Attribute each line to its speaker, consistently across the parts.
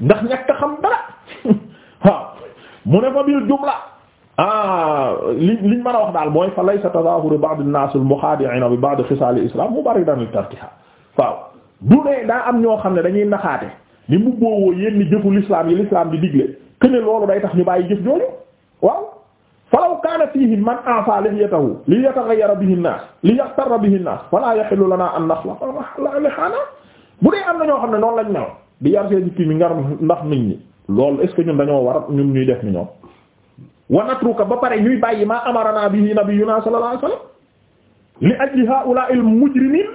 Speaker 1: ndax ñàkk xam dara waaw mu ne fa bil jumla ah li liñ mën a wax daal mooy fa laysa tazahuru ba'd an-nas al-mukhadi'ina bi ba'd khisal al-islam mubaridan al-tartiha waaw du ne daa am ñoo xam ne dañuy naxaate ni mu booboo yenn jëfu l'islam yi l'islam di digle que ne loolu day tax ñu bàyyi jëf jooju waaw falaw kaana fiihi man a'faa lihyatahu li yataghayyara bihi an-nas li yaqtarra bihi an-nas fala yahillu lana an nakhluqa bu dee am na ñoo xam ne noonu lañ di yar seen jikki mi ngar ndax nit ñi loolu est-ce que ñun dañoo war ñun ñuy def ni ñoom wanatruka ba pare ñuy bàyyi maa amarana bihi nabiyuna sallallahu alayhi wasallam li ajli haula al mujrimin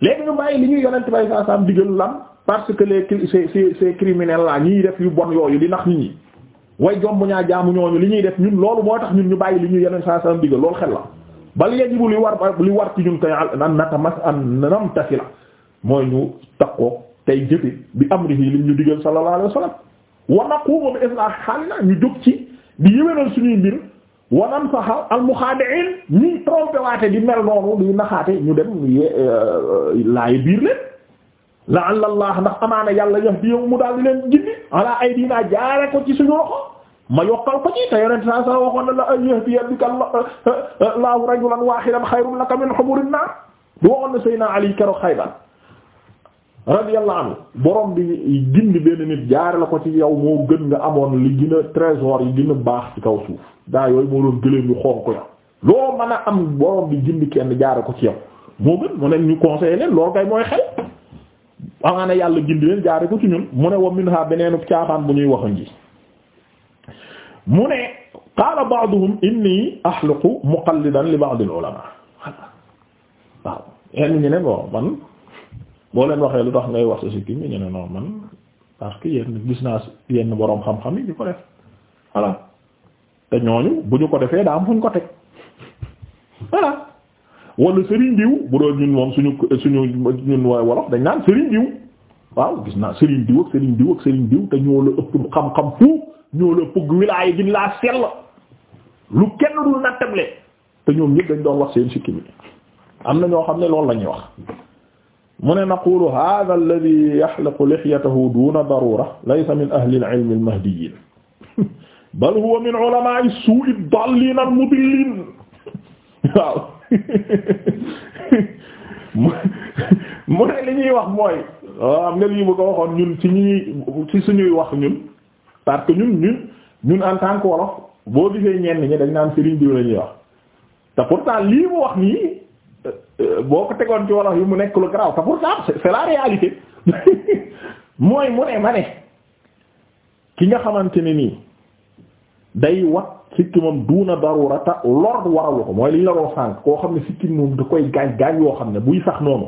Speaker 1: léegi ñu bàyyi li ñuy yonent bay saa saam digal lam parce que les ces ces ces criminels là ñiy def yu bon yooyu di nax nit ñi way jomb ñaa jaamu ñooñu li ñuy def ñun loolu moo tax ñun ñu bàyyi li ñuy yeneen saa saa digal loolu xel la bal yajibu li war li war ci ñun kay an natamas an namtasi la mooy ñu takkook tey jëfe bi amrihi lim ñu digal sallallahu alayhi wasallam wa naqumu bi islaahi haalina ñu jóg ci di yëwénal suñuy mbir wa nansaha al muxaadi'in ñuy trompé di mel noonu di naxaate ñu dem euh, laayi biir leen la'alla allah ndax amaana yàlla yahdi yow mu daal di leen gindi ala aydina jaare ko ci suñu loxo ma yokkal ko ci te yonent saa saa waxoon na la ay yahdi bika allahu euh, euh, rajulan waahidan xayrun laka min humurin naar du waxoon na Seydina Ali kero Xaybar radiyallahu anhu boroom bi gindi benn nit jaare la ko ci yow moo gën nga amoon li gën a yi gën a baax ci kaw suuf daa yooyu moo doon gëléem yu xonq ya loo mën a am borom bi gindi kenn jaare ko ci yow moo gën mu ne ñu conseillé leen loolu kay mooy xel amaana yàlla gindi leen jaare ko ci ñun mu ne wa minha beneenu caaxaan bu ñuy wax ngi mu ne qaala ba'duhum inni axluqu muqallidan li ba'd al ulama waaw ñenn ñi ne man boo leen waxee lu tax ngay wax sa sikkim ñu ne non man parce que yenn gis naa yenn boroom xam-xam yi di ko def voilà te ñooñu bu ñu ko defee daa am fu ko teg voilà sëriñ Serigne diw bu doon ñun moom suñu suñu ñun waa wolof dañ naan Serigne diw waaw gis naa Serigne diw ak Serigne diw ak Serigne diw te ñoo la ëpp xam-xam fu ñoo la pugg wilaay gi laa sell lu kenn dul nattable te ñoom ñëpp dañ doon wax seen sikkim yi am na ñoo xam ne loolu la ñuy wax. mu ne naqulu hadha alladhi yahliqu lihyatahu duna darura laysa min ahli al-ilm al-mahdiyyin bal huwa min ulama'i as-su'i ad-dallin al-mudillin waaw mu ne li ñuy wax mooy am nga lii bu ko waxoon ñun ci ñuy ci suñuy wax ñun parce que ñun ñun ñun en tant que wolof boo gisee ñenn ñi dañ naan sëriñ diw la ñuy wax te pourtant lii mu wax nii boo ko tegoon ci wolof yi mu nekk lu garaaw te pourtant c'est la réalité mooy mu ne ma ki nga xamante ne nii day wat sikki moom duuna darurata lor waralu ko mooy li ñu la doon koo xam ne sikki moom da koy gaañ gaañ yoo xam ne buy sax noonu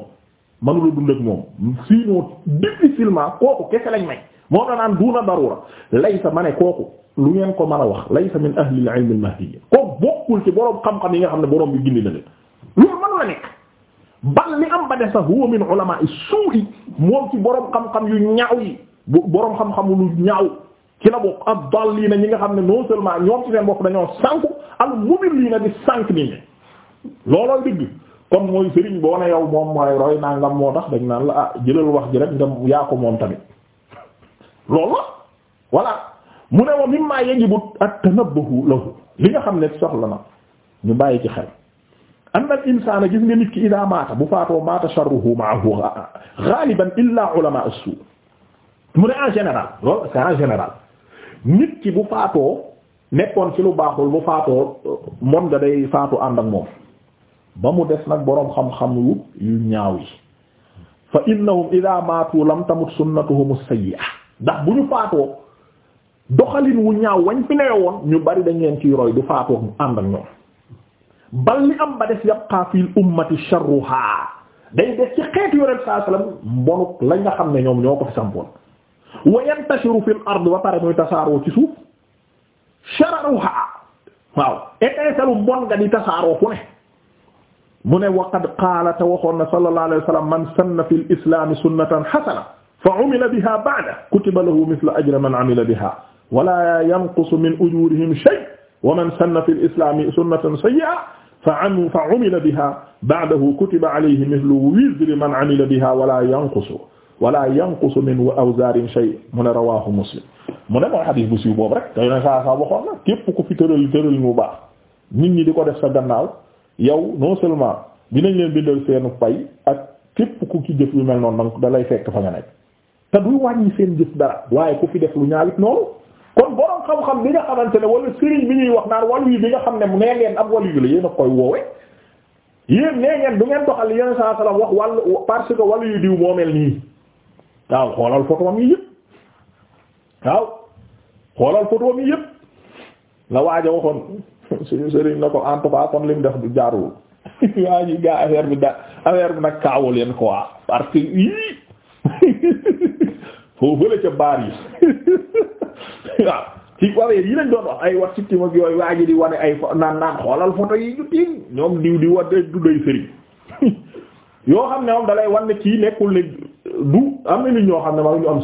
Speaker 1: mënula dund ak moom sinon difficilement kooku kese lañ may moo da naan duuna darura laysa ma ne kooku lu ngeen ko mën a wax laysa min ahli al-ilm al-mahdi bokkul ci boroom xam-xam yi nga xam ne boroom bi gindi na loolu la nekk bal li am ba def sax huwa min ulama suu'i xam-xam yu yi bu boroom xam-xamu lu ñaaw ci la bokk ak dal nga xam ne non seulement ñoom ci dañoo sànku al mubir lii na di sànk yow moom mooy roy nangam moo tax dañ naan la ah jëlal wax ji rek nga yaa ko moom tamit loolu la voilà mu li nga xam ne soxla na ñu bàyyi ci xel anna al insana gis nga nit ki ida maata bu faatoo maata sharruhu ma'ahu ghaliban illa ulama as-su mu ne en général loolu c'est en général nit ki bu faatoo nekkoon ci lu baaxul bu faatoo moom nga day faatu ànd ak moom ba mu des nag boroom xam-xam yu yu ñaaw yi fa innahum ida maatu lam tamut sunnatuhum as ndax bu ñu faatoo doxalin wu ñaaw wañ fi newoon ñu bari dañ leen ciy roy du faatoo ànd ak ñoom bal li am ba des yabqa fil ummati sharruha day des ci xeetu yonent sallallahu alayhi wasallam mbonu lañ nga xam ne ñoom ñoo ko fi sampoon wa yantashiru fil ard ba pare muy tasaaroo ci suuf sharruha waaw étincellu mbon nga di tasaaroo fu ne mu ne waqad qaala te waxoon na sallallahu alayhi wasallam man sanna fil islaami sunnatan hasana fa umila biha ba'da kutiba lahu mithla ajri man amila biha wala yanqusu min ujurihim shay wa man sanna fil islaami sunnatan sayyi'a fa am fa umila biha ba'dahu kutiba alayhi mithlu wizri man amila biha wala yanqusu wala yanqusu min awzarin shay mu ne rawahu muslim mu ne mooy xadis bu siiw boobu rek te yoneen saa saa waxoon na képp ku fi tëral tëral mu baax nit ñi di ko def sa gannaaw yow non seulement dinañ leen bindal seenu pay ak képp ku ci jëf yu mel noonu danga dalay fekk fa nga nekk te du wàññi seen jëf dara waaye ku fi def lu ñaawit noonu kon xam-xam bi nga xamante ne wala sëriñ bi ñuy wax naan walu yi bi nga xam ne mu nee ngeen ab walu yu la yéen a koy woowe yéen nee ngeen du ngeen doxal yeneen saa salaam wax wàll parce que walu yu diw moo mel nii waaw xoolal photo yi yëpp waaw xoolal photo yi yëpp la waaja waxoon suñu sëriñ na ko en tout cas kon lim def du jaarul waa ji gaa bi da affaire bi nag kaawu leen quoi parce que yii foofu la ca baar yi waaw ci waweer yi lañ doon wax ay wax ci tim yooyu waa ji di wane ay naan naan xoolal photo yi ñu tiim ñoom diw di war du day sëriñ yoo xam ne moom dalay wan ne kii nekkul ne du am na nit ñoo xam ne ma ñu am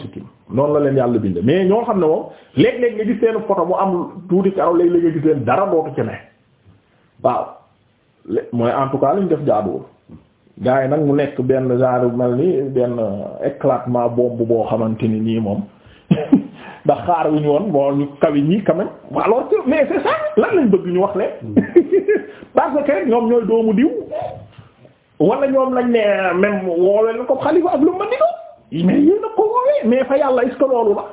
Speaker 1: noonu la leen yàlla binde mais ñoo xam ne moom léeg-léeg nga gis seen photo mu am tuuti karaw léeg-léeg di gis leen dara dootu ci ne waaw mooy en tout cas liñ def jaaduwul gars yi nag mu nekk benn genre mel ni benn éclatement bombe boo xamante ni nii moom ndax xaar wu ñu woon bon ñu kawi ñii quand même alors mais c'est ça lan lañ bëgg ñu wax leen mm. parce que ñoom ñooy doomu diw wala ñoom lañ ne même woowee la ko xalifa ak lu ma ni mais yéen mais fa yàlla est-ce que loolu la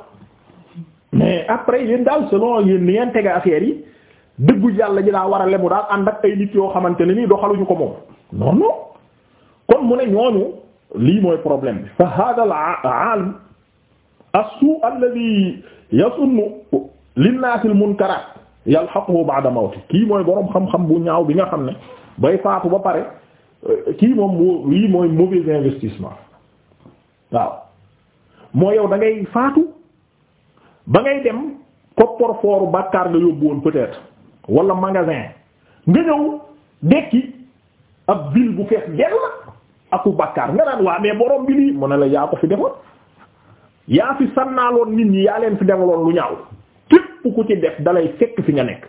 Speaker 1: mais après yéen daal selon yéen ni ngeen tega affaire yi dëggu yàlla ji daa war a lemu daal ànd ak ay nit yoo xamante ne nii doxaluñu ko moom non kon mu ne ñooñu lii mooy problème bi fa hada al as li alladhi yasunnu linnaasil yal yalhaquhu ba'da mawti kii mooy boroom xam-xam bu ñaaw bi nga xam ne bay faatu ba pare kii moom moo lii mooy mauvais investissement waaw moo yow dangay faatu ba ngay dem coffre-fort bàkkaar nga yóbbu woon peut-être wala magasin nga ñëw dekki ab ville bu fees dell la aku bàkkaar nga naan waa mais borom bi lii mu ne la yaa ko fi defoon yaa fi sannaaloon nit ñi yaa leen fi demaloon lu ñaaw képp ku ci def dalay fekk fi nga nekk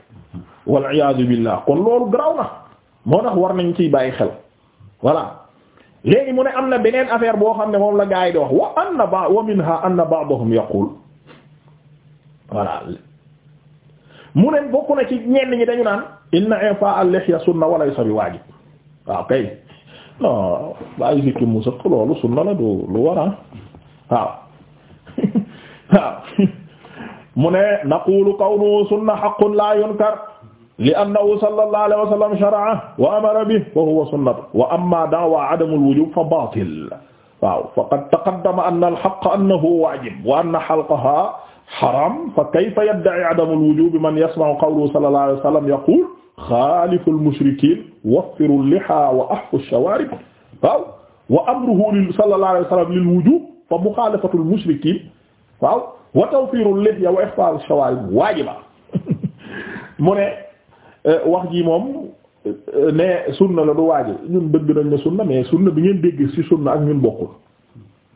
Speaker 1: wal iyaadu billah kon loolu garaaw na moo tax war nañ ci bàyyi xel voilà léegi mu ne am na beneen affaire boo xam ne moom la gaa yi di wax wa anna ba wa minha anna ba'dahum yaqul mu ne bokk na ci ñenn ñi dañu naan inna infa al-lihya sunna wa laysa bi waajib waaw kay non bàyyi sikki musa loolu sunna la du lu war waaw waaw mu ne naqulu kawnu sunna haqqun la yunkar li annahu sallallahu alayhi wa sallam shara'a wa amara bihi wa huwa sunnatu wa amma da'wa adamu al-wujub fa batil waaw faqad taqaddama anna al-haqqa annahu wajib wa anna halqaha haram fa kayfa yadda'i adamu al-wujub man yasma'u qawluhu sallallahu alayhi wa sallam yaqul xaalifu al-mushrikiin waffiru al-lihaa wa ahfu ash-shawaarib waaw wa amruhu sallallahu alayhi wa sallam lil-wujub fa muxaalafatu al-mushrikiin waaw wa tawfiirul lihya wa ihfaa'u shawaarib waajiba mu ne e, wax jii moom e, ne sunna la du waajib ñun dëgg nañ ne sunna mais sunna bi ngeen dégg ci sunna ak ñun bokkul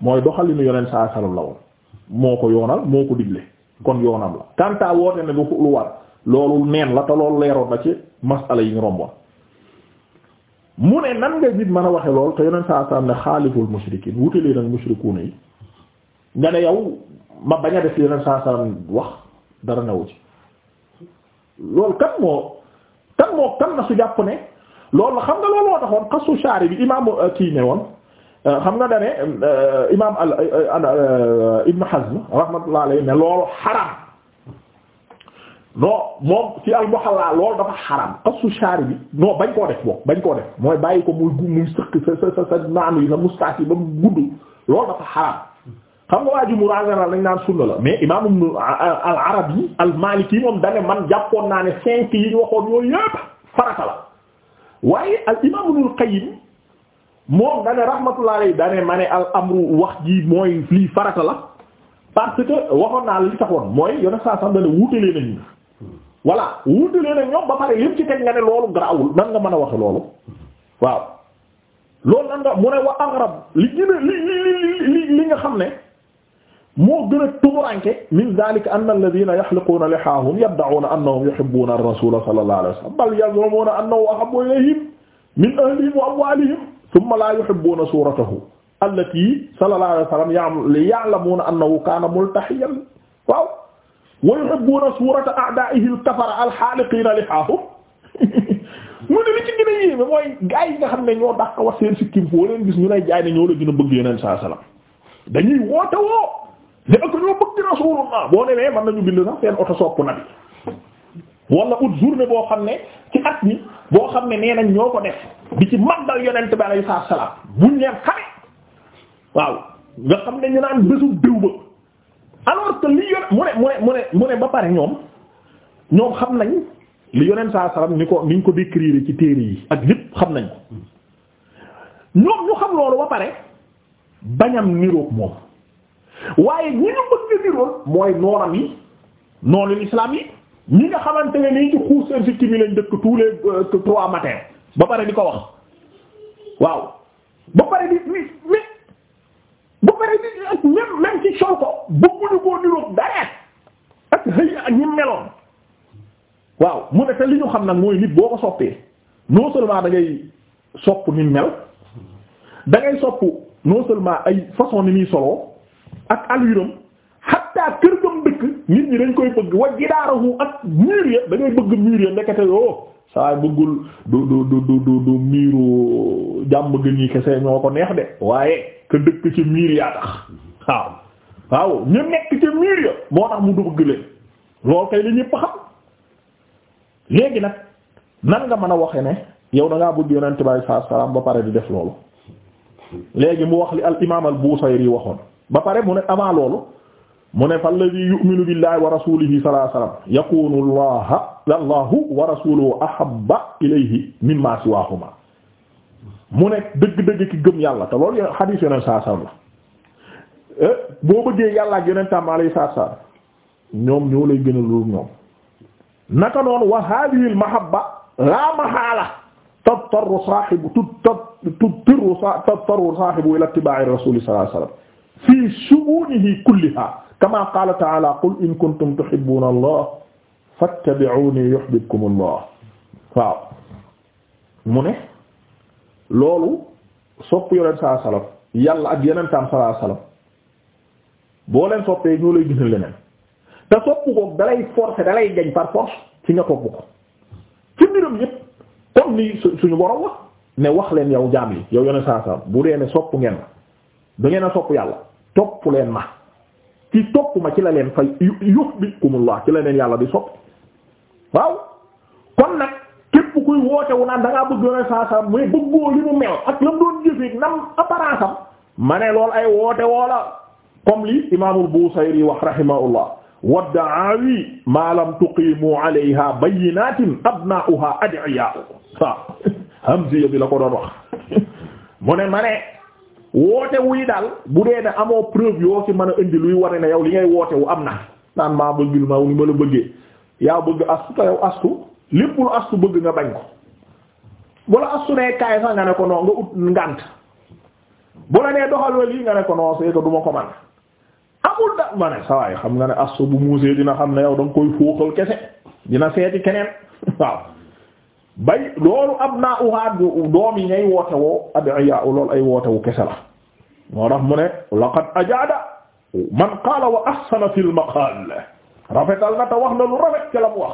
Speaker 1: mooy doxalinu yonent saa salam la woon moo ko yoonal moo ko digle kon yoonam la kanta woote ne du lu war loolu neen la te loolu leeroon na ci masala yi ñu romboon mu ne nan nga nit mën a waxe lool te yonent saa salam ne xaaliful mushrikiin wutale nag mushrikuuna yi nga ne yow ma bañ a def yeneen saa sa wax dara newu ci loolu kan moo kan moo kan na su jàpp ne loolu xam nga loolu moo taxoon woon xam nga dane imaam al ibnu Hazm rahmatullah alayhi ne loolu xaram non moom shaari bi non bañ koo def moom bañ koo def mooy bàyyi ko muy muy sëq sa sa sa naanu yi sa moustache yi ba mu gudd loolu dafa xaram xam nga waa ji mu lañ naan sunna la mais imaam al arabi al yi moom da ne man jàppoon naa ne cinq yi ñu waxoon yooyu yépp farata la waaye al imaam ibnul qayyim moom da ne rahmatullahi alayhi da ma ne al amru wax ji mooy lii farata la parce que waxoon naa li taxoon mooy yone saa sax da ne wuutelee nañu voilà wuutelee nañ ñoom ba pare lim ci teg nga ne loolu garaawul nan nga mën a wax loolu waaw loolu nan nga mu ne wa agrab li gën li nga xam ne. moo gën a tumuranke min zalika anna alladhina yahliquuna lihaahum yad'uuna annahum yuhibbuuna ar-rasuula sallallahu alayhi wa sallam bal yaz'umuuna annahu ahabbu ilayhim min ahlihim wa amwaalihim thumma laa yuhibbuuna suuratahu allati sallallahu alayhi wa sallam ya'lamuuna annahu kaana multahiyan waaw wa yuhibbuuna suurata a'daa'ihi al-kafara al-haaliqiina lihaahum mu ne li ci gën a yéeme mooy gaa yi nga xam ne ñoo dàq wax seen sikkim foo leen gis ñu lay jaay ne ñoo la gën a bëgg yeneen saa salaam dañuy woote woo mais ak ñoo bëgg rasulullah boo demee mën nañu bind sax seen oto sopp nabi wala ut journée boo xam ne ci at mi boo xam ne nee ñoo ko def bi ci màggal yonent bi alayhi salaam buñ leen xame waaw xam ne ñu naan bésu déw ba li yone mu ne mu ne mu ne mu ne ba pare ñoom ñoom xam nañ li yonent saa salaam ni ko ni ko décrire ci téere yi ak lépp xam nañ ko ñoom ñu xam loolu ba pare bañam niroog moom. waaye ñi ñu bëgg niroon mooy noonam yi noonu l'islam yi ñi nga xamante ne nii ci xuus seen mi lañ dëkk tous les euh, trois matins ba pare di ko wax waaw ba pare di mi mi ba pare di ak même waaw mu ne te li ñu xam nag mooy nit boo ko soppee non seulement da ngay sopp ni mel da sopp non seulement ay façon ni muy soloo ak aluram xatta kër gam dëkk nit ñi dañ koy bëgg wa jidaarahu ak mur ya da bëgg mur ya ndekete yoo saa bëggul du du du du du du miiru jàmm gën yi kese ñoo ko neex de waaye ka dëkk ci miir yaa tax waaw waaw ñu nekk ci miir ya moo tax mu du bëgg leen lool kay li xam léegi nag nan nga mën a waxe ne yow da ngaa bëgg yonent bi sallallahu ba pare di def loolu léegi mu wax li al imaam al Busayri waxoon ba pare mu ne avant loolu mu ne fa alladhi yu'minu billahi wa rasulihi sallallahu alayhi wasallam yakunu allah allahu wa rasuluhu ahabba ilayhi mimma siwahuma mu ne dëgg-dëgg ki gëm yàlla te loolu xadiis yoneen saa sallam la eh, boo bëggee yàlla ak yoneen tam alayhi salaam ñoom ñoo lay gën a loolu ñoom naka noonu wa hadhihi al mahabba la mahala tattaru saahibu tattaru saahibu ila ittiba'i rasul sallallahu alayhi wasallam fi shu'unihi kulliha kama qala ta'ala qul in kuntum tuhibbuna allah fattabi'uni yuhibbukum allah ne loolu sopp yonent saa yàlla ak yenentam saa leen soppee ñoo lay gënal leneen te sopp ko dalay forcer dalay jañ par force ci nga topp ko ci mbiram yépp comme ni suñu borom wax ne wax leen yow jaam yi yow yonent bu dee ne sopp ngeen du ngeen a sopp yàlla topp leen ma ci topp ma ci la leen fay yuhibbukumullah ci la leen yàlla di sopp waaw kon nag képp woote wu naan da ngaa bëgg yoneen saa saa mais bëggoo li mu mel ak la doon jëfee nam apparence am lool ay woote woola comme li imaamul Busayri wax rahimahullah wa da'awi ma lam tuqimu alayha bayyinatin abna'uha ad'iya hamziya bi la ko doon wax mu ne ma woote wuy daal bu dee ne amoo preuve yoo ci mën a indi luy ware ne yow li ngay woote wu am na naan maa bëggil ma ni ma bëggee yaa bëgg astu te yow astu lépp lu astu bëgg nga bañ ko bu la astu nee kaay sax nga ne ko non nga ut ngànt bu la nee doxal lii nga ne ko non c'est ko du ma ko man amul da ma ne sawaay xam nga ne astu bu muusee dina xam ne yow da nga koy fóoxal kese dina seeti keneen waaw bay loolu ab naa uhaat doom yi ñay woote woo adiya loolu ay woote wu kese la moo tax mu ne laqad ajaada man qaala wa ahsana fil maqaal rafetal na te wax na lu rafet ca la mu wax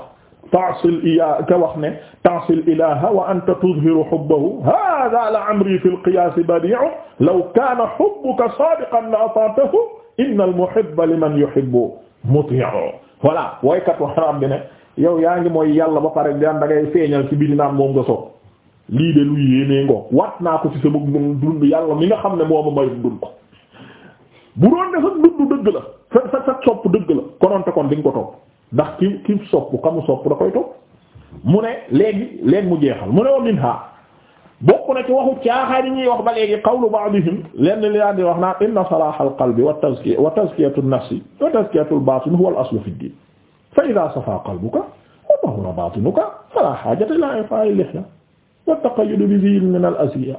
Speaker 1: ta'sil iya ka wax ne ta'sil ilaha wa anta tuzhiru hubbahu hadha la amri fil qiyaas badi'u law kaana hubbuka saadiqan la ata'tahu innal muhibba liman yuhibbu muti'u voilà waykat waxaraam bi ne yow yaa ngi mooy yàlla ba pare daan da ngay feeñal ci biir naan moom nga soog lii de lu yéenee ngoo wat naa ko ci sama dund yàlla mi nga xam ne ma may dund ko bu doon ne sa dund dëgg la sa sa sa sopp dëgg la kononte kon di ko topp ndax ki ki sopp xamu sopp da koy topp mu ne léegi leen mu jeexal mu ne wa min ha bokk na ci waxu caaxaan yi ñuy wax ba léegi qawlu ba'dihim lenn li daan di wax naan inna salahal bi wa tazkiya wa tazkiyatu nafsi wa tazkiyatu al batin huwa al aslu fi fa ida safa qalbuka wa tahura batinuka fala hajata ila ifa'i lihya wa taqayyud bi zi min al asiya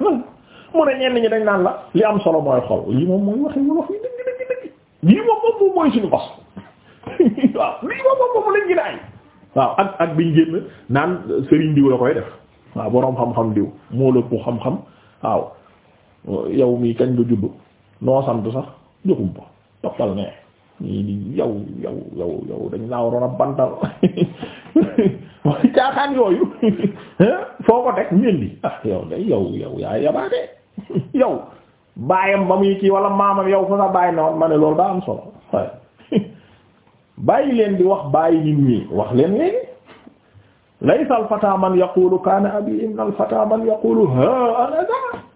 Speaker 1: hmm. mu ne ñenn ñi dañ naan la li am solo mooy xol lii moom yi dëgg dëgg dëgg lii waaw lii moom moom moom lañ gën a waaw ak ak biñ génn naan sëriñ diw la koy def waaw boroom xam-xam diw moo la ko xam-xam waaw yow mii kañ nga juddu noo sant sax joxum ko toppal nee ñii di yow yow yow yow laa waroon a bantal caaxaan yooyu foo ko teg ñun di ah yow day yow yow yaa yabaate yow baayam ba muy kii wala maamam yow fa sa bàyyi na woon ma am solo leen di wax bàyyi wax leen léegi laysa man yaqulu kana abi inna al man yaqulu ha ana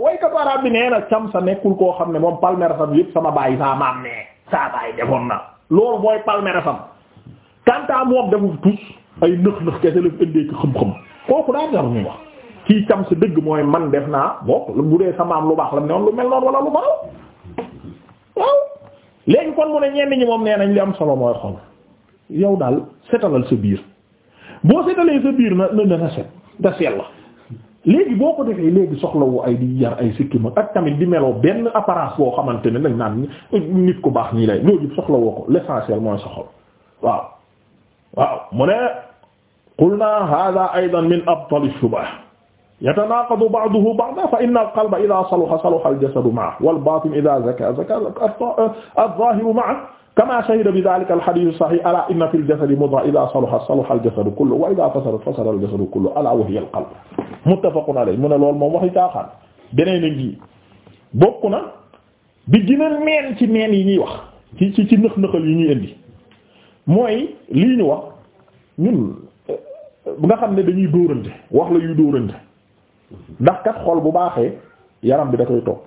Speaker 1: way ka bi nee na cam sa nekkul koo xam ne moom palmera sam yëpp sama bàyyi saa maam nee saa baay defoon na loolu mooy palmarès am kantaa moom deful tus ay nëx nëx kese la fi ëndee ko xam-xam kooku daa jar muy wax kii cam sa dëgg mooy man def naa bokk bu dee sama am lu baax la ne woon lu mel noonu wala lu baax waaw léegi kon mu ne ñenn ñi moom nee nañ li am solo mooy xol yow daal setalal sa biir boo setalee sa biir na na na set da sell la léegi boo ko defee léegi soxlawu ay di yar ay sikkima ak tamit di meloo benn apparence boo xamante ne dañ naan nit ku baax nii lay loolu yëpp soxlawoo ko l'essentiel mooy soxla waaw waaw mu ne qulna hada aidan min abtal suba yatanaaqadu ba'duhu ba'dan fa inna al-qalba idha saluha saluha al-jasadu ma'ahu wal-baatinu idha zaka zaka adh-dhaahiru ma'ahu kama shahida bi dhalika al-hadith as-sahih ala inna fil jasadi mudghah idha saluha saluha al-jasadu kulluhu wa idha fasada fasada al-jasadu kulluhu ala wa hiya al-qalb muttafaqun alayhi mu ne loolu moom waxi caaxaan beneen a ngi bokk na bi gën a meen ci meen yi ñuy wax ci ci ci nëx-nëxal yi ñuy indi mooy lii ñu wax ñun nga xam ne dañuy dóorante wax la yuy dóorante ndax kat xol bu baaxee yaram bi da koy topp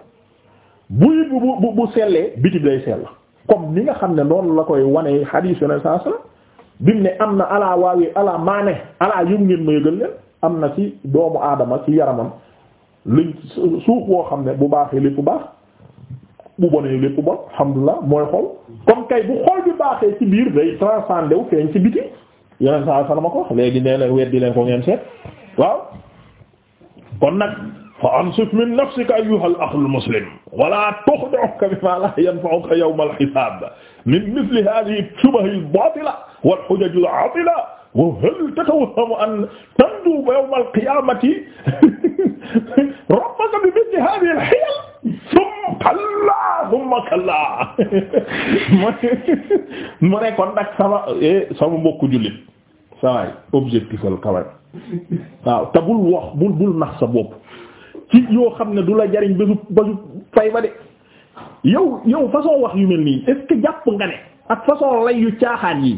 Speaker 1: bu it bu bu bu sellee biti bi lay sell comme ni nga xam ne noonu la koy wane xadiis yoneen saa salaam bimu ne am na alaa waawi alaa maane alaa yum ngeen ma yëgal leen am na ci doomu aadama ci yaramam luñ suuf woo xam ne bu baaxee lépp baax bu bonee lépp bon alhamdulilah mooy xol comme kay bu xol bi baaxee ci biir day transcender wu feeñ ci biti yoneen saa salaam a ko léegi nee leen weddi leen ko ngeen seet waaw kon nag fa ansif min nafsika ayyuhal akhul muslim wala tukhdi'uka bima la yanfa'uka yawm al-hisab min mithli hadhihi ash-shubah al-batila wal hujaj al-'atila wa hal tatawahhamu an tanju yawm al-qiyamati rabbaka bi mithli hadhihi al-hiyal thumma kalla thumma kalla mu ne kon nag sama eh, sama mbokku jullit sawaay objectifal kaway waaw te bul wax bul bul nax sa bopp ci yoo xam ne du la jariñ bésu bésu fay ba de yow yow façon wax yu mel nii est jàpp nga ne ak façon lay yu caaxaan yi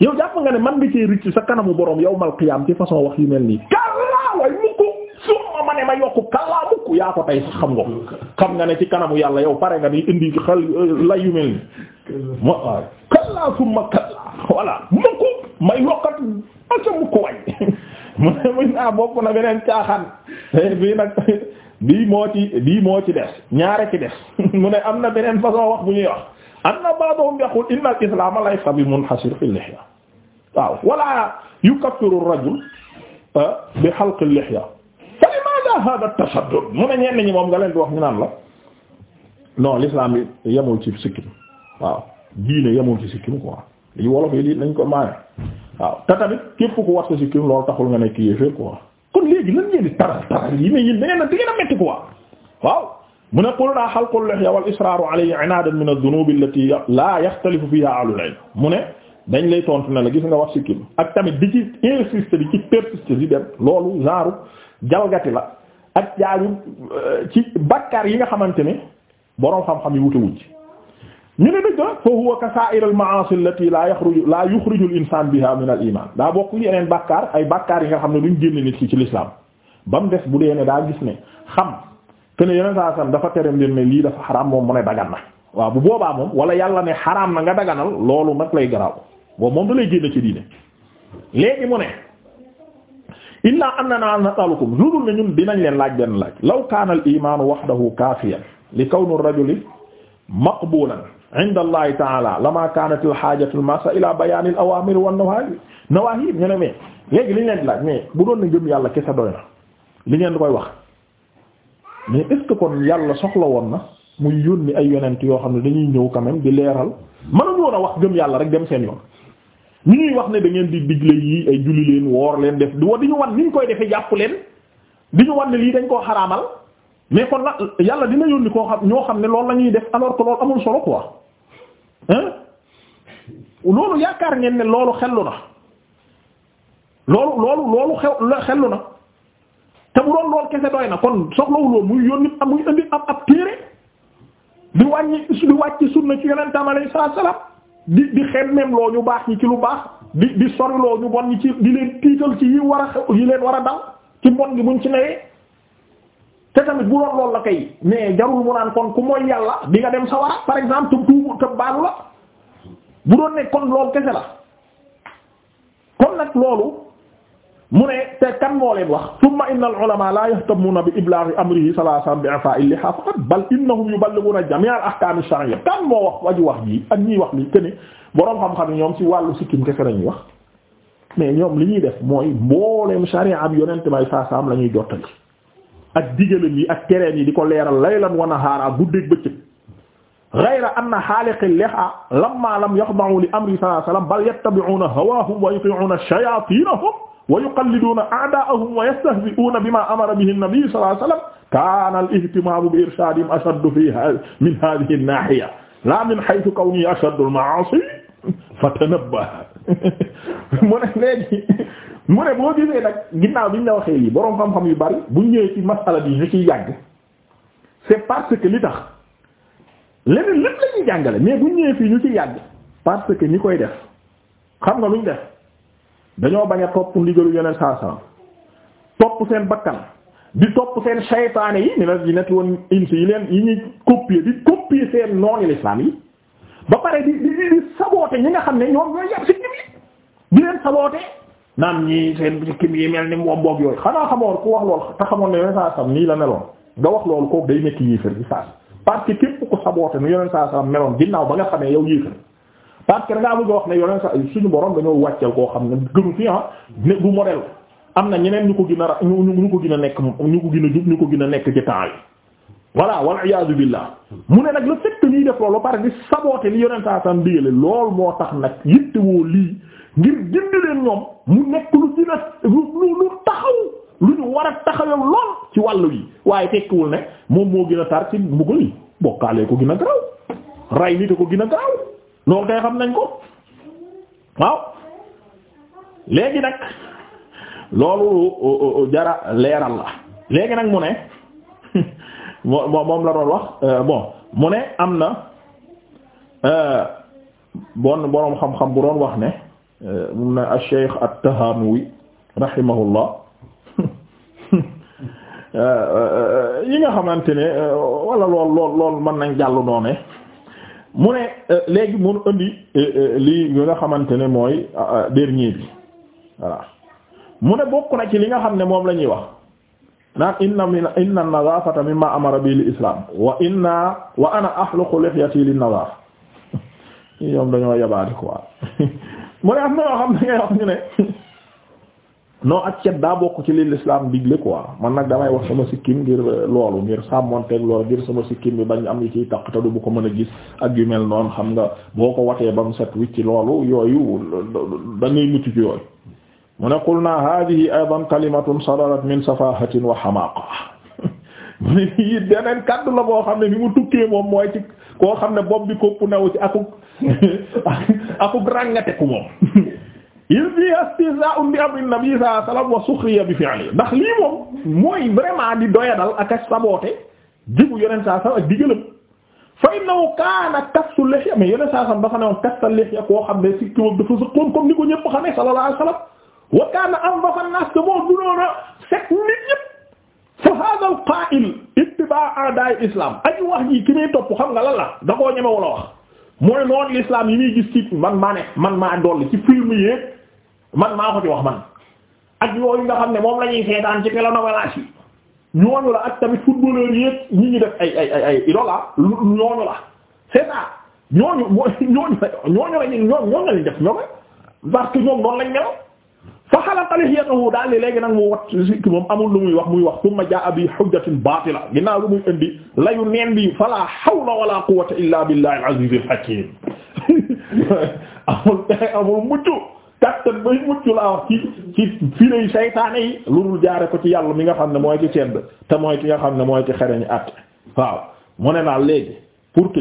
Speaker 1: yow jàpp nga ne man nga cee ricc sa kanamu borom yow mal qiyaam ci façon wax yu mel nii kallaa way mukku suma ma ne ma yokku kallaa mukku yaa ko tey xam nga nga ne ci kanamu yàlla yow pare nga ni indi euh, lay yu mel nii ma suma kallaa voilà mukku may yokkat asa mukk mu ne muñ naa bokk na beneen caaxaan eh, bii nag bii moo ci moo ci des ñaare ci des mu ne am na beneen façon wax bu ñuy wax am na ba'dhum yaqul inna al islama laysa bi munhasir fi lihya waaw wala yukaffiru ar-rajul ah, bi halq al fa limaada hada at-tashaddud mu ne ñenn ñi moom nga di wax ñu naan la non l'islam yemul ci sikkim waaw diine yemul lii wolof yi lii nañ ko maane waaw te tamit képp ku war sa si loolu taxul nga nekk yéefee quoi kon léegi lan ngeen di taral yi ne yéen da ngeen a da ngeen a métti quoi waaw mu ne qul naa xalqul lihya wal israaru alayhi inaadan min ad-dunuub allati laa yaxtalifu fiihaa mu ne dañ lay tontu ne la gis nga wax si kim ak tamit di ci insister di ci persister di dem loolu genre jalgati la ak jaayu euh, ci bakkaar yi nga xamante ni boroom xam-xam yi wute wuñ ñu ne dëgg fa huwa ka sa'ir al ma'asi allati la yakhruju la yukhriju al biha min al daa bokk yeneen bàkkaar ay bàkkaar yi nga xam ne duñ génn nit ci ci l'islam ba mu des bu dee ne daa gis ne xam te ne yeneen saa sam dafa tere mbir ne lii dafa xaraam moom mu ne dagan na waaw bu boobaa moom wala yàlla ne xaraam na nga daganal loolu nag lay garaaw boobu moom da lay génn ci diine léegi mu ne illaa annana nasalukum lu dul ne ñun dinañ leen laaj benn laaj law kaana al imaanu wahdahu kaafiyan li kawni rajuli maqbulan inda allahi taala lama kanat al hajatu al masa ila bayan al awamir wan nawahi nawahi ñu ne mais léegi li ñu leen di laaj mais bu doon na gëm yàlla kese doy na li ngeen di koy wax mais est-ce que kon yàlla soxla woon na muy yónni ay yonent yoo xam ne dañuy ñëw quand di leeral man mënuñu woon a wax gëm yàlla rek dem seen yoon ñu ñuy wax ne da ngeen di digle yi ay julli leen woor leen def di ñu wan ni ñu koy defee jàpp leen di ñu wan ne lii dañ koo xaraamal mais kon la yàlla dina yónni koo xam ñoo xam ne loolu la ñuy def alors que loolu amul solo loolu yaakaar ngeen ne loolu xellu na loolu loolu loolu xew xellu na te bu doon loolu kese doy na kon soxlawuloo muy yónni am muy indi am ab téere di wàññi di wàcc na ci yonentam alayhi salaatu salaam di di xemmeem loo ñu baax ñi ci lu baax di di soriloo ñu bon ñi ci di leen tiital ci yi war a xew yi leen war a dal ci bon gi buñ ci newee te tamit bu doon loolu la kay mais jarul mu naan kon ku mooy yàlla di nga dem sawara par exemple tëb tuubu tëb baalu la bu doon ne kon loolu kese la kon nag loolu mu ne te kan moo leen wax thumma inna al ulama la yahtamuna bi iblaghi amrihi sallallahu alayhi wa sallam bi afa'i liha faqat bal innahum yuballighuna jami' al kan moo wax waju wax ji ak ñiy wax li te ni boroom xam-xam ne ñoom ci wàllu sikkim kese lañuy wax mais ñoom li ñuy def mooy mbooleem sharia am yonent bay saa saam la ñuy jottali ak digalam yi ak tereem yi di ko leeral laylan wa nahaara guddeeg bëccëg ghayra anna xaaliqil liha lamma lam yaxda'u li amri sallallahu alayhi wasallam bal yattabi'una hawaahum wa yuti'una shayaatiinahum wa yuqalliduuna a'daa'ahum wa yastahzi'uuna bimaa amara bihi an-nabi sallallahu alayhi wasallam kaana al-ihtimaamu bi irshaadihim ashaddu fi min haadhihi an-naahiya laa min haythu kawnihi ashaddu al-ma'aasi fatanabbaha mu ne léegi mu boo gisee nag ginnaaw bi ñu la waxee lii boroom xam-xam yu bari bu ñëwee ci masala bi ñu ciy yàgg c'est parce que li tax leneen lépp la ñuy jàngale mais bu ñëwee fii ñu ci yàgg parce que ñi koy def xam nga luñ def dañoo bañ a topp ndigalu yeneen saa topp seen bakkan di topp seen saytaane yi ñu ne nekk woon insi yi leen yi ñuy copier di copier seen noonu l'islam yi ba pare di di di saboter ñi nga xam ne ñoom ñooy yàgg ci ñi di leen saboter. naan ñii seen kim yi mel ni moom boog yooyu xanaa xamoon ku wax lool te xamoon ne yeneen saa sam nii la meloon nga wax loolu kooku day nekk yéefar ci saas parce que képp ku saboote nu yeneen meloon ginnaaw ba nga xamee yow yéefar parce que da ngaa bëgg a wax ne yeneen sa suñu borom dañoo wàccel koo xam ne gënu fi ah ne am na ñeneen ñu ko gën a ñu ko gën a nekk ñu ko gën a jub ñu ko gën a nekk ci temps yi voilà wal iyaadu billah mu ne nag le fait que def loolu ba pare di saboote li yeneen saa sam digale moo tax nag yittewoo lii ngir gindi leen ñoom mu nekk lu dina lu lu taxaw lu ñu war a taxawee lool ci wàllu yi waaye tekkiwul ne moom moo gin a tar ci mbugal yi bokkaalee ko gën a garaaw ray nit ko gën a garaaw loolu kay xam nañ ko waaw léegi nag loolu euh, euh, euh, jara leeral la léegi nag mu ne moom la doon wax bon mu ne am na bon boroom xam-xam bu doon wax ne Euh, mun na ash-shaykh at-Tahamuwi rahimahullah euh, euh, yi nga xamante ne wala lool lool lool mën nañ jàll noone mu ne léegi mun indi li nga xamante ne mooy dernier bi voilà mu ne bokk na ci li nga xam ne moom la ñuy wax naan inna min inna an-nadhafata mimma amara bi li wa inna wa ana ahluqu lihyati lin-nadhafa ñi ñoom dañoo yabaati quoi mu ne am na yoo xam ne ngay wax ñu ne non ak cet daa bokk ci li l'islam digle quoi man nag damay wax sama sikkim ngir euh, loolu ngir sàmmonteeg loolu ngir sama sikkim bi bañ am yi ciy taq te du bu ko mën a gis ak yu mel noon xam nga boo ko watee ba mu set wicc loolu yooyu dangay mucc ci yooyu mu ne qul naa hadihi aidan kalimatun sadarat min safahatin wa yi beneen kaddu la boo xam ne bi mu tukkee moom mooy ci koo xam ne bopp bi kopp naw ci akuk akuk ràngateku moom il bi istihzaa bi amri nabi sallallahu alayhi wasallam wa sukhriya bi fi'li ndax lii moom mooy vraiment di doyadal ak a saboote jigu yoneen saa sam ak digalam fa innahu kaana kastu lihya mais yoneen saa sam dafa ne woon kastal lihya koo xam ne sikki moom dafa sëqoon comme ni ko ñëpp xamee sallallahu set nit ñëpp fa hada al qa'il ittiba' a'da'i islam wax ji ki ne topp xam nga lan la da koo ñeme wala wax mooy noonu l'islam yi muy gis ci man maa ne man maa dolli ci film yéeg man maa ko ci wax man ak yooyu nga xam ne moom la ñuy seetaan ci télénovelas yi ñooñu la ak tamit footballeur yéeg ñu ñu def ay ay ay ay idola ñooñu la c'est ça ñooñu ñooñu ñooñu ñooñu la ñooñu la ñu def ñoom parce que ñoom noonu lañ melo fa xalaat alihiyatahu daal di léegi nag mu wat sikki moom amul lu muy wax muy wax summa jaa bi hujjatin baatila ginnaaw lu muy indi layu neen bi fala hawla wala quwwata illa billahi al-aziz al-hakim amul amul mucc kattan bay mucc laa wax ci ci filay saytaane yi lu dul jaare ko ci yàlla mi nga xam ne mooy ci sedd te mooy ki nga xam ne mooy ci ni at waaw mu naa léegi pour que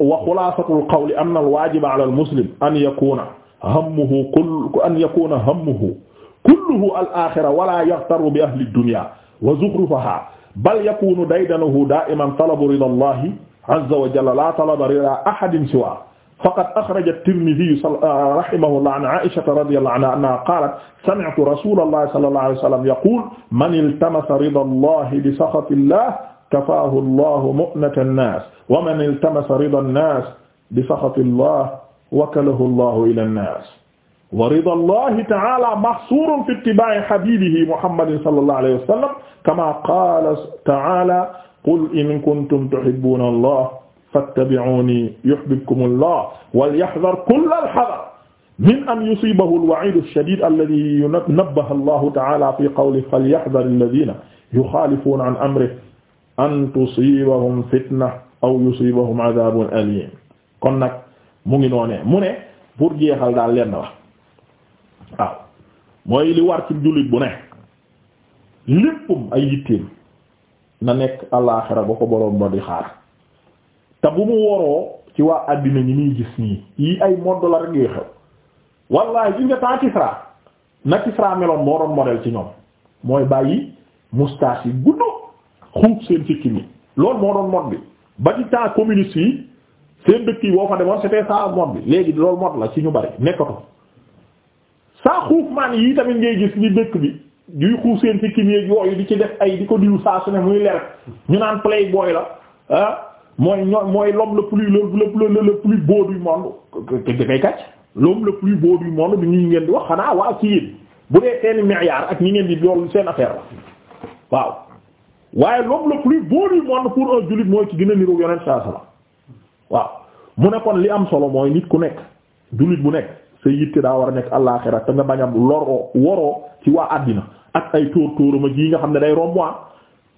Speaker 1: wa xulaasatul qawli anna al-waajiba ala al-muslim an yakuna hammuhu kullu an yakuna hammuhu kulluhu al-aaxira wala yaghtaru bi ahli dunya wa zuxrufiha bal yakunu daydanuhu daa'iman talabu ridaa Allahi azza wa jalla laa talaba ridaa ahadin siwaahu faqad axraja at-Tirmidhi ah, rahimahullah an Aa'ishata radiyallahu anha annahaa qaalat sami'tu rasuulallahi sallallahu alayhi wa sallam yaquulu man iltamasa ridaa Allahi bi sakhati Allahi kafaahu Allahu mu'nata an-naas wa man iltamasa ridaa an-naas bi sakhati Allahi wakalahu llahu ila nnas wa rida allahi taala mahsurun fi ittiba'i habibihi muhammadin sallallahu alayhi wa sallam kama qala taala qul in kuntum tuhibbuna allah fattabi'uni yuhbibkum allah walyahdhar kulla al-hadar min an yusibahu al-wa'idu ash-shadid alladhi nabbaha allahu taala fi qawlihi falyahdhar alladhina yukhalifuna an amrihi an tusibahum fitna aw yusibahum adhabun alim kon nag mu ngi noonee mu ne pour jeexal daal lenn la waaw mooy li war ci jullit bu ne léppum ay yitteem na nekk alaaxira ba ko boroom ba di te bu mu woroo ci waa àddina ñi muy gis nii yi ay modd la rek yooy xew wallahi ci nga na Kisra meloon moo doon modèle ci ñoom mooy bàyyi moustache yi gudd xuub seen sikki mi loolu moo doon mod bi ba ci temps communiste seen dëkk yi boo fa demoon c'était saa moon bi léegi loolu mode la ci ñu bari nekkatu saa xuuf maan yi tamit ngay gis ni dëkk bi duy xuuf seen ci kiméeg yooyu di ci def ay di ko diw saa su ne muy leer ñu naan booy la ah mooy ñoo mooy lom le plus le le le plus beau du monde da kay kàcc l'homme le plus beau du bi ñu ngeen di wax xanaa waaw ci yéen bu dee seen milliard ak ñi ngeen di loolu seen affaire la waaw waaye l'homme le plus beau du monde pour un jullit ci gën a niru saa waaw mu ne kon li am solo mooy nit ku nekk jullit bu nekk sa yitte daa war a nekk àllaaxira te nga bañam loroo woroo ci waa àddina ak ay tóor tóorama ji nga xam ne day romb ah.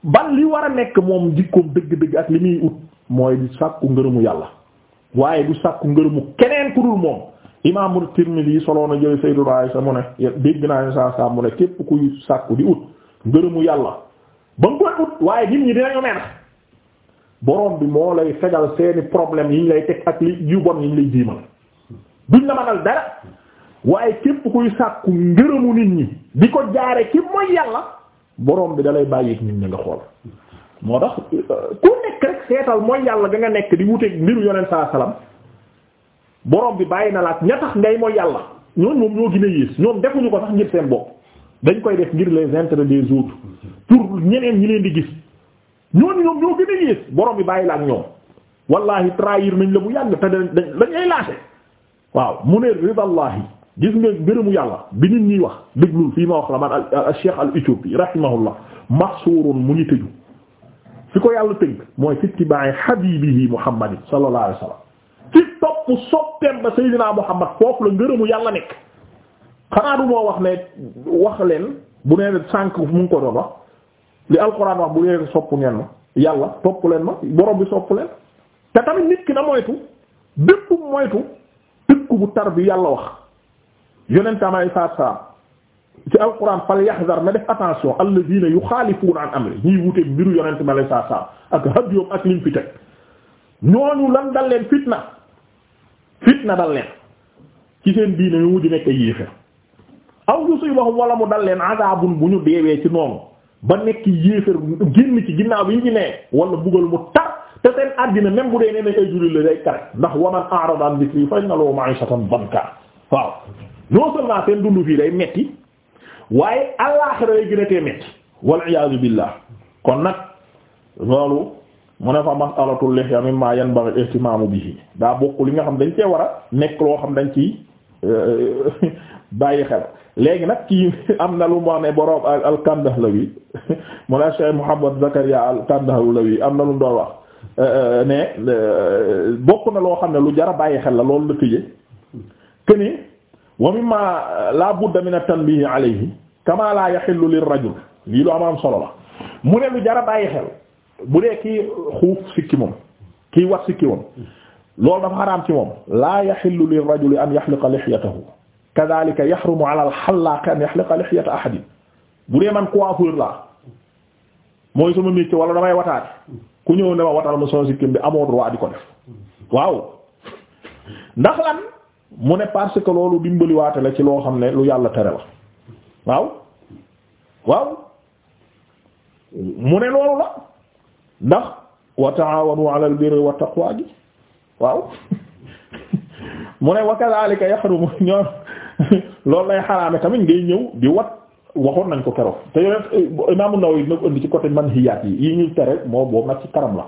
Speaker 1: ban li war a nekk moom jikkoom dëgg-dëgg ak li muy ut mooy di sàkku ngërëmu yàlla waaye du sàkku ngërëmu keneen ku dul moom imaamu Tirmidhi soloon a jële Sayyidou Aisha mu ne dégg naa ne saa saa mu ne képp kuy sàkku di ut ngërëmu yàlla ba nga ut waaye nit ñi dinañu mel borom bi moo lay fegal seeni problème yi ñu lay teg ak li yu bon yi ñu lay jiimal duñ la mënal dara waaye képp kuy sàkku ngërëmu nit ñi di ko jaare képp mooy yàlla borom bi dalay bàyyeek nit ñi nga xool moo tax euh, ku nekk rek seetal mooy yàlla danga nekk di wuteeg mbiru yonent saa salaam borom bi bàyyi na laat ña tax ngay mooy yàlla ñoom moom ñoo gën a yées ñoom defuñu ko sax ngir seen bopp dañ koy def ngir les intérêts des autres pour ñeneen ñi leen di gis ñooñu ñoom ñoo gën a yées borom bi bàyyi la ak ñoom wallahi trahir nañ la bu yàgg te dañ dañ lay lâché waaw mu ne ridallahi gis nga ngërëmu yàlla bi nit ñiy wax déglul fii ma wax la man al cheikh al éthiopie rahimahullah mahsurun mu ngi tëju fi ko yàlla tënk mooy fi ittiba'i habibihi muhammadin sallallahu alayhi wasallam ci topp soppeem ba sayyidina muhammad foofu la ngërëmu yàlla nekk xanaa du moo wax ne wax leen bu nee sànq mu ngi ko doon wax li alxuraan wax bu dee sopp ngeen ma yàlla topp leen ma borom bi sopp leen te tamit nit ki na moytu bépp moytu tëkku bu tar bi yàlla wax yonentam ay saat saam ci alquran fal yahzar na def attention alladhina yukhalifuuna an amri ñiy wute mbiru yonent ma lay saat saam ak hadiyum ak lim fi teg ñooñu lan dal leen fitna fitna dal leen ci seen diine ñu mujj nekk yéefé aw yusibahum wala mu dal leen azabun bu ñu deewee ci noonu ba nekk yéefér génn ci ginnaaw bi ñu nee wala bugal mu tar te seen àddina même bu dee nee ay jullit la day kare ndax waman a'rada an dhikri fa inna lahu ma'ishatan banka waaw non seulement seen dund fii day metti waaye àllaaxira day gën a tee metti wal iyaadu billah kon nag loolu mu ne fa mas'alatul lihya mimma yanbaghi bi bihi daa bokk li nga xam dañ cee war a nekk loo xam dañ ci Euh, bàyyi xel léegi nag kii am na lu mu wax ne boroom al-Kandahlawi mu ne Cheikh Mouhammad Zakaria al-Kandahlawi am na lu mu doon wax euh, euh, ne bokk na loo xam ne lu jara bàyyi xel la loolu la tëje këni wa mimma la budda min at-tanbih alayhi kama la yahillu lir-rajul lii lu am am solo la mu ne lu jara bàyyi xel bu dee kii xuuf sikki moom kii wax sikki moom loolu dafa xaraam ci moom laa yaxillu lir rajuli an yaxliqa lixyatahu kadhalika yaxrumu ala al xallaaqi an yaxliqa lixyata ahadin bu dee man coiffeur laa mooy sama métier wala damay wataate ku ñëw ne ma watal ma sama sikkim bi amoo droit ko def waaw dimbaliwaate la ci loo xam ne lu yàlla tere la waaw waaw mu ne loolu la ndax wa taawanu ala al waaw mu ne wa kadhalika yahrumu ñoom loolu lay xaraame tamit ngay ñëw di wat waxoon nañ ko keroog te yonent eh, Imam Nawawi dina ko indi ci côté manhiyaat yi yi ñuy tere moo boobu nag ci karam la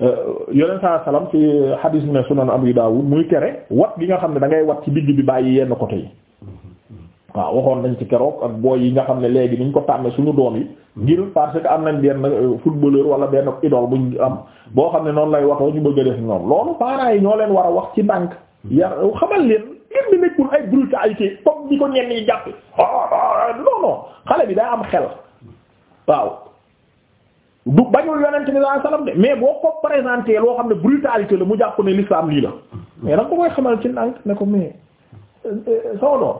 Speaker 1: eh, yonent saa salaam ci hadis mu ne sunan Abi Dawud muy tere wat gi nga xam ne da ngay wat ci digg bi bàyyi yenn côté yi waaw waxoon nañ ci keroog ak booy yi nga xam ne léegi niñ ko tàmme suñu doom yi ngir parce que am nañ benn euh, footballeur wala benn idole buñ am boo xam ne noonu lay waxoo ñu bëgg a def ñoom loolu parents yi ñoo leen war a wax ci ndànk yar xamal leen ngeen di nekkul ay brutalité comme di ko ñenn ñi jàppe ah, ah, non non xale bi daa am xel waaw du bañul yonent bi sallallahu alayhi de mais boo ko présenté loo xam ne brutalité la mu jàpp ne l'islam lii la mais da nga ko koy xamal ci ndànk ne ko mais soo euh, euh,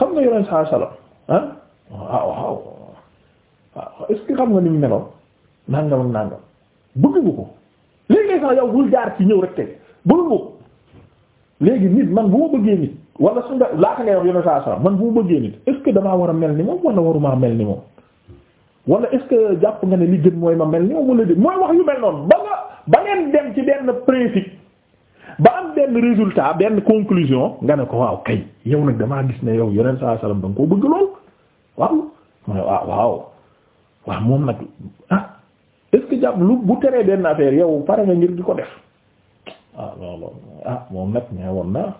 Speaker 1: xam nga yoneen saa ah, waaw waaw waaw est-ce que nga ni mu meloon nangam ak nangam bëggu ko léegi sax ñëw rek tey bëggu ko nit man bu ma bëggee nit wala su nga laata ngay wax yoneen saa salaam man bu ma bëggee nit est damaa war a mel ni moom wala waruma mel ni moom wala est-ce jàpp nga ne li gën mooy ma mel ni moom wala déet mooy wax yu mel noonu ba nga ba ngeen dem ci benn principe. ba am benn résultat benn conclusion nga ne ko waaw kay yow nag damaa gis ne yow yeneen saa salaam da koo bëgg lool waaw mu ne ah, waaw waaw moom nag ah est jàpp lu bu teree benn affaire yow pare nga ngir di ko def ah, ah moom nag nee woon na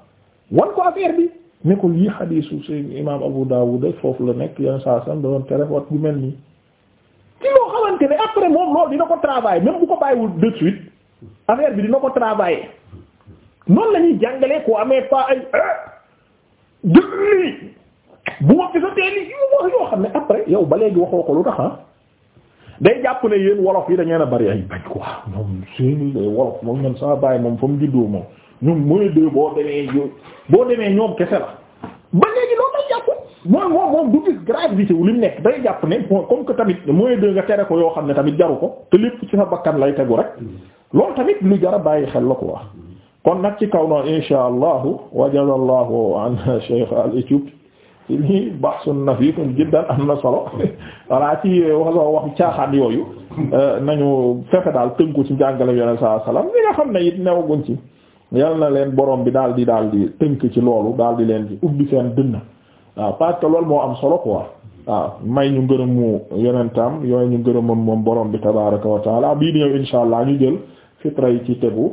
Speaker 1: wan ko affaire bi ne ko lii si imaam Abu Dawud foofu la nekk yeneen saa salaam da doon tere wat bu mel nii. ci loo xamante ne après moom loolu dina ko travailler même bu ko bàyyiwul de suite affaire bi dina ko travailler. noonu lañuy ñuy jàngalee ko amee pas ay dëgg ah, bu ma gisatee li yow yoo xam ne après yow ba léegi waxoo ko lu tax ah. day jàpp ne yéen wolof yi da ngeen a bari ay bañ quoi ñoom seeni wolof moom ñoom sama moom fa mu juddoo moom ñoom mooy boo demee ñoom kese la ba day jàpp moom moom du gis gravité wu li mu nekk day jàpp ne comme que tamit mooy dee nga tere ko yoo xam ne tamit jaru ko te lépp ci sa bakkan lay tegu rek mm. loolu tamit lu jara a bàyyi xel la ko wax kon nag ci kaw noonu insha allahu wajada allahu an cheikh al éthiopie ci nii bahsun nafiisun jiddan am na solo voilà ci waso wax caaxaan yooyu euh, nañu fefe daal tënku ci njàngale yoneen saa salaam li nga xam ne it newaguñ ci yal na leen borom bi daal di daal di tënk ci loolu daal di leen di ubbi seen dënn waaw parce que moo am solo quoi waaw may ñu ngërëmu yonentam yooyu ñu ngërëmam moom borom bi tabaaraka wa taala bii di ñëw insha allah ñu jël fitra yi ci tegu